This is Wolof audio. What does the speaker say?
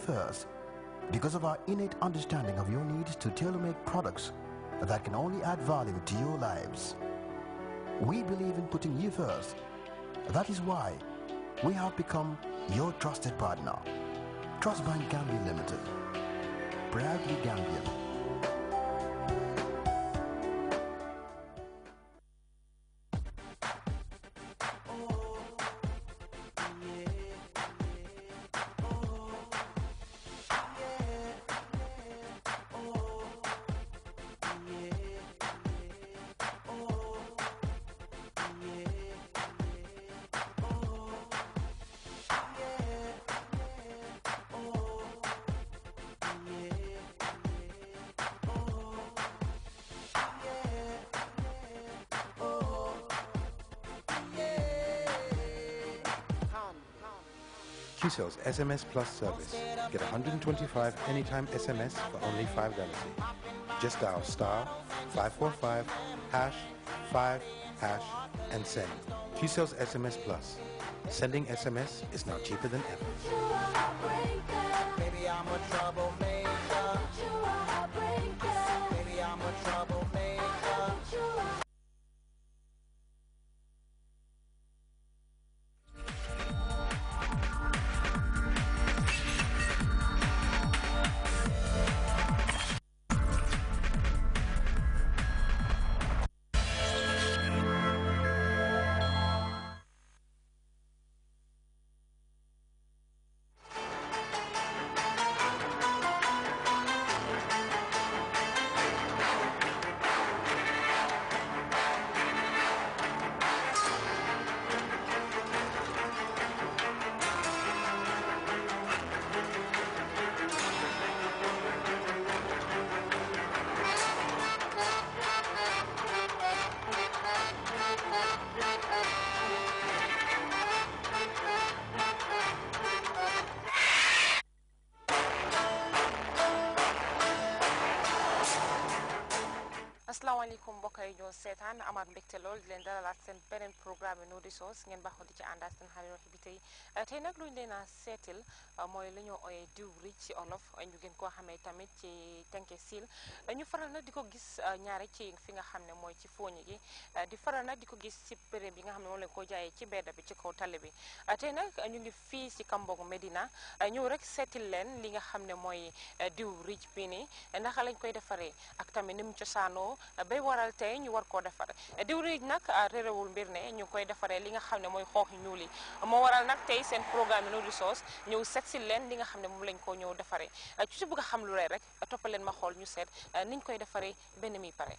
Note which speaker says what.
Speaker 1: first because of our innate understanding of your needs to tailor-make products that can only add value to your lives. We believe in putting you first. That is why we have become your trusted partner. Trust Bank Gambia Limited. Proudly Gambian. QCell's SMS Plus service. Get 125 anytime SMS for only $5. Just dial star 545 hash 5 hash and send. QCell's SMS Plus. Sending SMS is now cheaper than ever. ko mbokk yi ñoo seetaan amaat mbégte lool leen dalalaat seen beneen programme no resource ngeen baxoo di ci àndaas seen xarit wax bi tey tey nag lu ñu leen a seetil euh, mooy la ñoo ooyee diw riij ci olof euh, ñu gën koo xamee tamit ci tenke siil euh, ñu faral nag di ko gis ñaare ci fi nga xam ne mooy ci fooñi gi di faral nag di ko gis ci béréb yi nga xam ne moom lañ ko jaayee ci bedda bi ci kaw tali bi tey nag ñu ngi fii ci Kambong Medina ñëw rek seetil leen li nga xam ne mooy diw riij bii ni naka lañ koy defaree ak tamit ni mu cosaanoo mooy waral tey ñu war koo defare diwriij nag ah, réerewul mbir ne ñu koy defaree li nga xam ne mooy xoox ñuul yi moo waral nag tey seen programme yi Nouri soos ñëw seet si leen li nga xam ne moom lañ koo ñëw defaree su bëgg a xam lu lay rek toppaleen ma xool ñu seet ah, niñ koy defaree benn mi pare